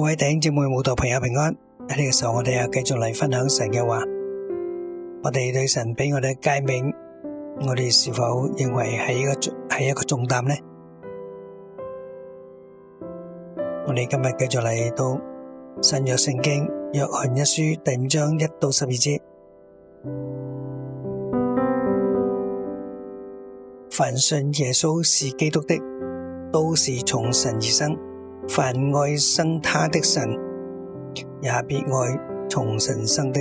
各位弟兄姐妹、慕道朋友平安。喺呢個時候，我哋又繼續嚟分享神嘅話。我哋對神俾我哋嘅誡命，我哋是否認為係一個係一個重擔呢？我哋今日繼續嚟到新約聖經《約翰一書》第五章一到十二節。凡信耶穌是基督的，都是從神而生。凡愛生他的神，也必愛從神生的。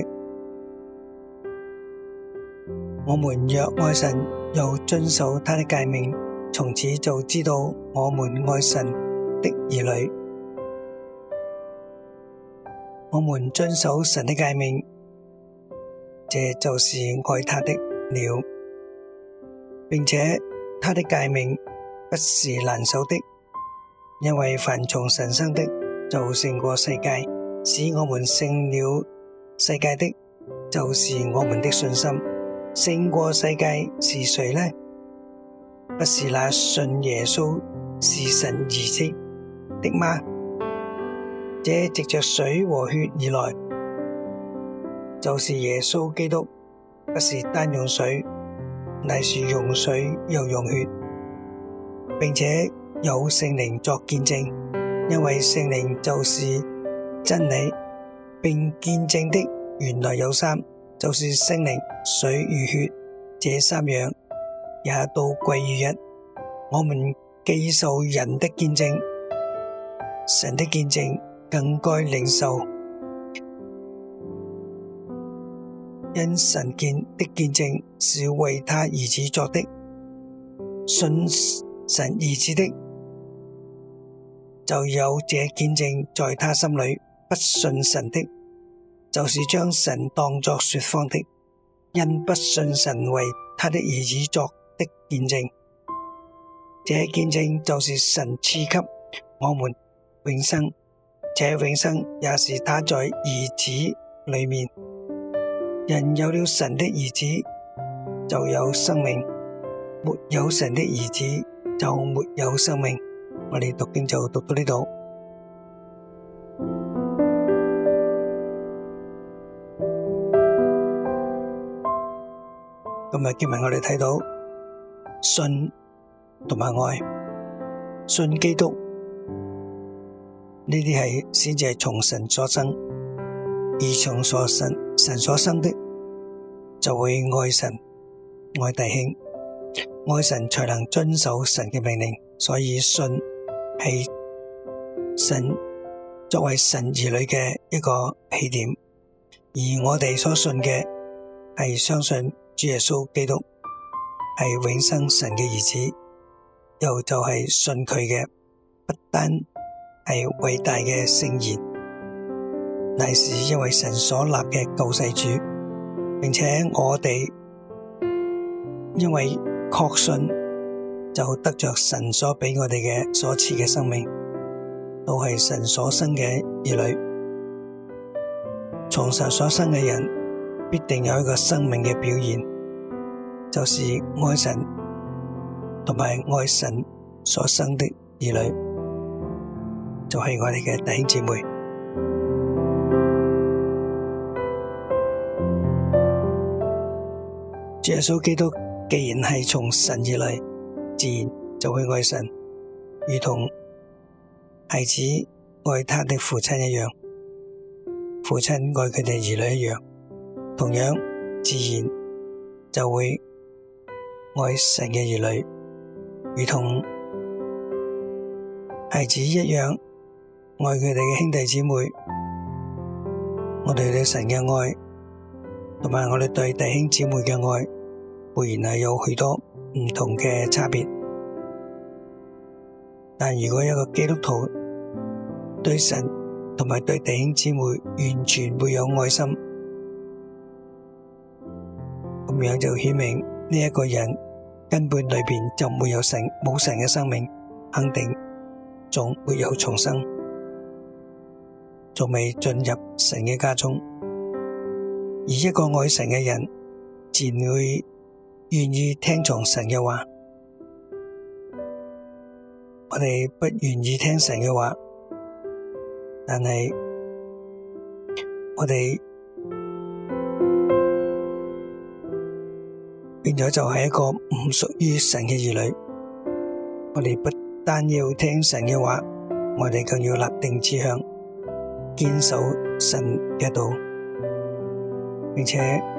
我們若愛神，又遵守他的誡命，從此就知道我們愛神的兒女。我們遵守神的誡命，這就是愛他的了，並且他的誡命不是難守的。因為凡從神生的就勝過世界，使我們勝了世界的，就是我們的信心。勝過世界是誰呢？不是那信耶穌是神兒子的嗎？這藉着水和血而來，就是耶穌基督，不是單用水，乃是用水又用血，並且。有聖靈作見證，因為聖靈就是真理，並見證的原來有三，就是聖靈、水與血，這三樣也都歸於一。我們既受人的見證，神的見證更該領受，因神見的見證是為他兒子作的，信神兒子的。就有這見證在他心裏，不信神的，就是將神當作說謊的，因不信神為他的兒子作的見證。這見證就是神賜給我們永生，這永生也是他在兒子裏面。人有了神的兒子，就有生命；沒有神的兒子，就沒有生命。我哋讀經就讀到呢度，今日結尾我哋睇到信同埋愛，信基督呢啲係先至係從神所生，而從所生神所生的就會愛神、愛弟兄、愛神，才能遵守神嘅命令，所以信。係神作為神兒女嘅一個起點，而我哋所信嘅係相信主耶穌基督係永生神嘅兒子，又就係信佢嘅不單係偉大嘅聖賢，乃是一位神所立嘅救世主，並且我哋因為確信。就得着神所畀我哋嘅所賜嘅生命，都係神所生嘅兒女。從神所生嘅人，必定有一個生命嘅表現，就是愛神，同埋愛神所生的兒女，就係我哋嘅弟兄姊妹。主耶穌基督既然係從神而嚟，自然就會愛神，如同孩子愛他的父親一樣，父親愛佢哋兒女一樣，同樣自然就會愛神嘅兒女，如同孩子一樣，愛佢哋嘅兄弟姊妹。我哋對神嘅愛，同埋我哋對弟兄姊妹嘅愛，固然係有許多唔同嘅差別，但如果一個基督徒對神同埋對弟兄姊妹完全沒有愛心，咁樣就顯明呢一個人根本裏邊就沒有神，冇神嘅生命，肯定仲沒有重生，仲未進入神嘅家中。而一個愛神嘅人自然會。願意聽從神嘅話，我哋不願意聽神嘅話，但係我哋變咗就係一個唔屬於神嘅兒女。我哋不單要聽神嘅話，我哋更要立定志向，堅守神嘅道，並且。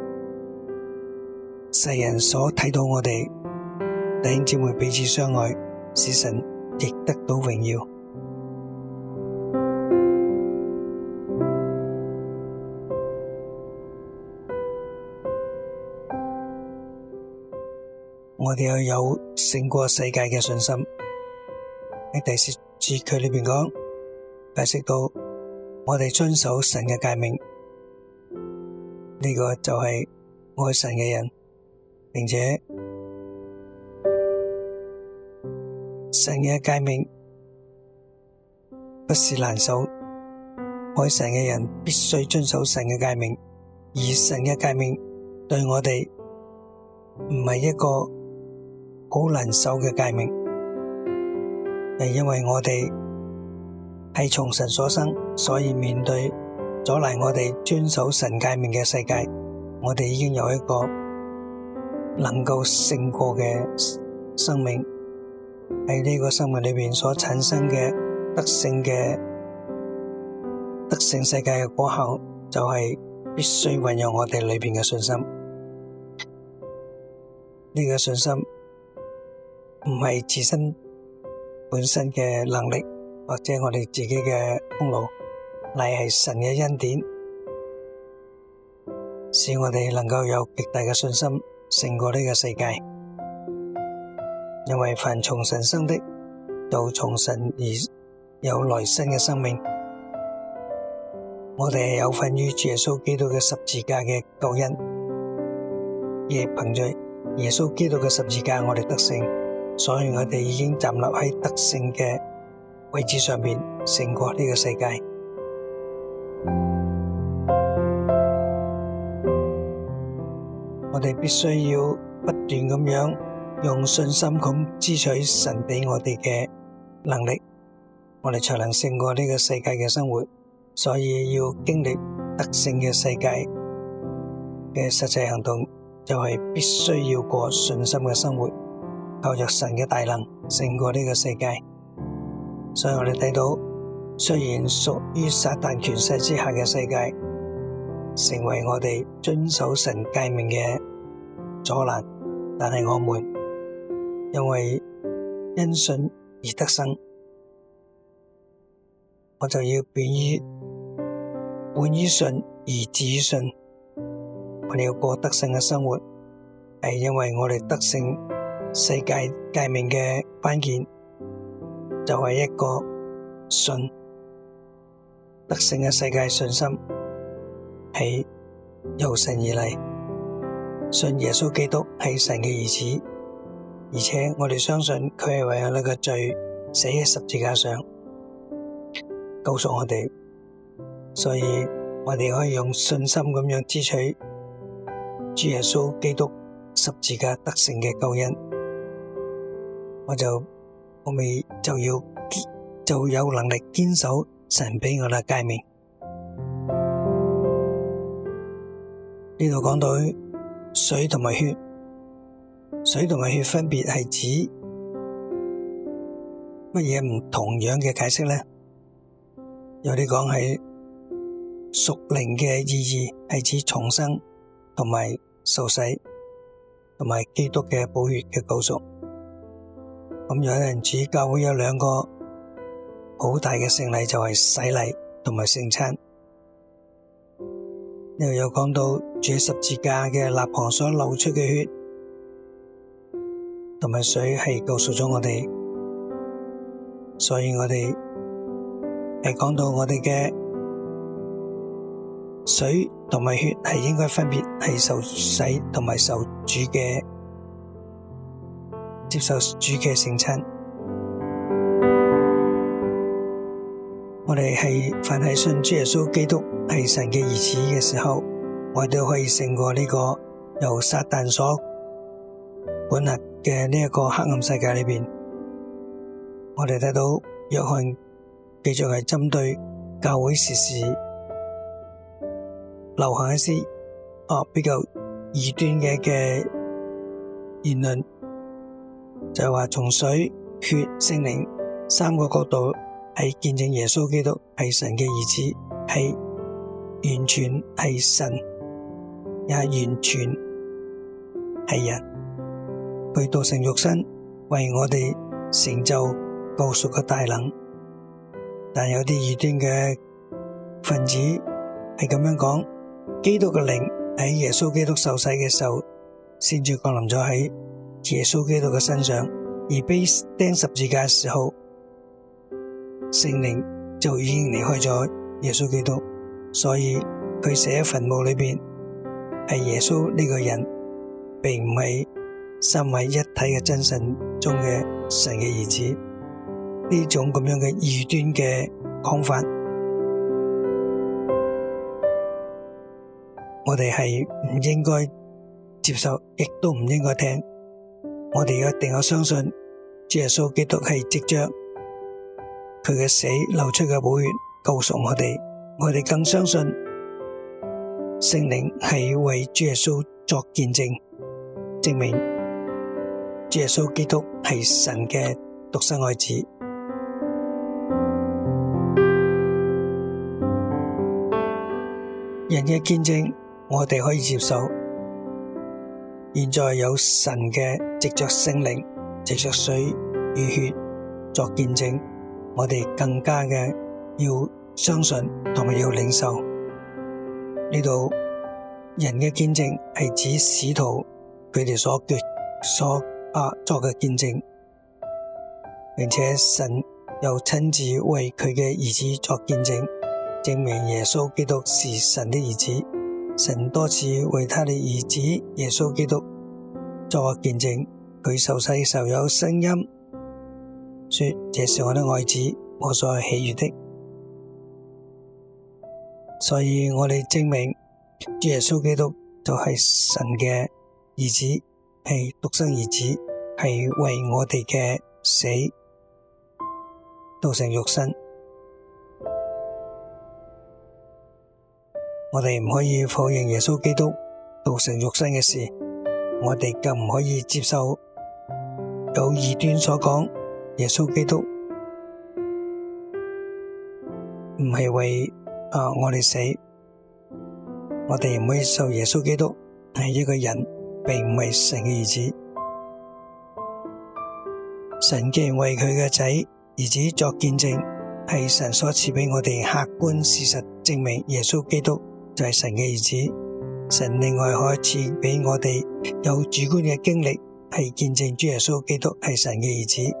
世人所睇到我哋弟兄姊妹彼此相愛，使神亦得到榮耀。我哋要有勝過世界嘅信心。喺第四節佢裏邊講解釋到，我哋遵守神嘅誡命，呢個就係愛神嘅人。並且神嘅誡命不是難守，愛神嘅人必須遵守神嘅誡命。而神嘅誡命對我哋唔係一個好難守嘅誡命，係因為我哋係從神所生，所以面對阻攔我哋遵守神誡命嘅世界，我哋已經有一個。能夠勝過嘅生命，喺呢個生命裏邊所產生嘅得勝嘅得勝世界嘅果效，就係、是、必須運用我哋裏邊嘅信心。呢、這個信心唔係自身本身嘅能力，或者我哋自己嘅功勞，乃係神嘅恩典，使我哋能夠有極大嘅信心，勝過呢個世界，因為凡從神生的，就從神而有來生嘅生命。我哋係有份於耶穌基督嘅十字架嘅救恩，亦憑着耶穌基督嘅十字架，我哋得勝，所以我哋已經站立喺得勝嘅位置上面，勝過呢個世界。我哋必須要不斷咁樣用信心咁支取神畀我哋嘅能力，我哋才能勝過呢個世界嘅生活。所以要經歷得勝嘅世界嘅實際行動，就係必須要過信心嘅生活，靠着神嘅大能勝過呢個世界。所以我哋睇到，雖然屬於撒旦權勢之下嘅世界。成為我哋遵守神誡命嘅阻攔，但係我們因為因信而得生，我就要變於本於信而止於信。我哋要過得勝嘅生活，係因為我哋得勝世界誡命嘅關鍵就係、是、一個信得勝嘅世界信心。係由神而嚟，信耶穌基督係神嘅兒子，而且我哋相信佢係為咗呢個罪死喺十字架上，告訴我哋，所以我哋可以用信心咁樣支取主耶穌基督十字架得勝嘅救恩，我就我未就要就有能力堅守神畀我嘅誡命。呢度講到水同埋血，水同埋血分別係指乜嘢唔同樣嘅解釋咧？有啲講係屬靈嘅意義，係指重生同埋受死、同埋基督嘅寶血嘅救贖。咁有人指教會有兩個好大嘅聖禮，就係、是、洗禮同埋聖餐。又有講到主喺十字架嘅肋旁所流出嘅血同埋水係告訴咗我哋，所以我哋係講到我哋嘅水同埋血係應該分別係受洗同埋受主嘅接受主嘅聖餐。我哋係凡係信主耶穌基督係神嘅兒子嘅時候，我哋都可以勝過呢個由撒旦所管轄嘅呢一個黑暗世界裏邊。我哋睇到約翰記載係針對教會時事流行一啲啊、哦、比較異端嘅嘅言論，就話、是、從水、血、聖靈三個角度。係見證耶穌基督係神嘅兒子，係完全係神，也完全係人，去道成肉身為我哋成就救贖嘅大能。但有啲異端嘅分子係咁樣講：基督嘅靈喺耶穌基督受洗嘅時候先至降臨咗喺耶穌基督嘅身上，而被釘十字架嘅時候。聖靈就已經離開咗耶穌基督，所以佢寫喺墳墓裏邊係耶穌呢個人，並唔係三位一體嘅真神中嘅神嘅兒子。呢種咁樣嘅異端嘅講法，我哋係唔應該接受，亦都唔應該聽。我哋一定要相信耶穌基督係即將。佢嘅死流出嘅寶血，告訴我哋，我哋更相信聖靈係要為主耶穌作見證，證明主耶穌基督係神嘅獨生愛子。人嘅見證我哋可以接受，現在有神嘅藉着，聖靈、藉着水與血作見證。我哋更加嘅要相信同埋要領受，呢度人嘅見證係指使徒佢哋所決所押作嘅見證，並且神又親自為佢嘅兒子作見證，證明耶穌基督是神的兒子。神多次為他的兒子耶穌基督作見證，佢受洗受有聲音，說這是我的愛子，我所喜悦的，所以我哋證明耶穌基督就係神嘅兒子，係獨生兒子，係為我哋嘅死道成肉身。我哋唔可以否認耶穌基督道成肉身嘅事，我哋更唔可以接受有異端所講。耶穌基督唔係為啊我哋死，我哋唔可以受耶穌基督係一個人，並唔係神嘅兒子。神既然為佢嘅仔兒子作見證，係神所賜畀我哋客觀事實證明耶穌基督就係神嘅兒子。神另外還賜畀我哋有主觀嘅經歷，係見證主耶穌基督係神嘅兒子。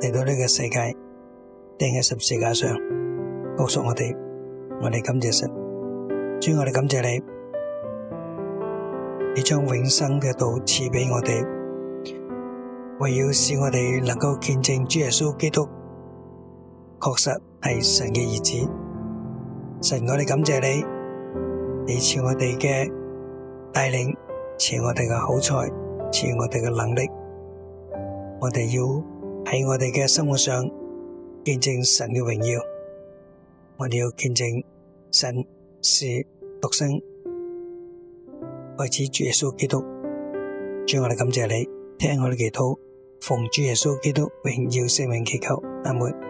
嚟到呢個世界，定喺十字架上，告訴我哋，我哋感謝神，主，我哋感謝你，你將永生嘅道賜俾我哋，為要使我哋能夠見證主耶穌基督確實係神嘅兒子。神，我哋感謝你，你賜我哋嘅帶領，賜我哋嘅好彩，賜我哋嘅能力，我哋要。喺我哋嘅生活上見證神嘅榮耀，我哋要見證神是獨生。為此主耶穌基督，主我哋感謝你，聽我哋祈禱，奉主耶穌基督榮耀聖名祈求，阿門。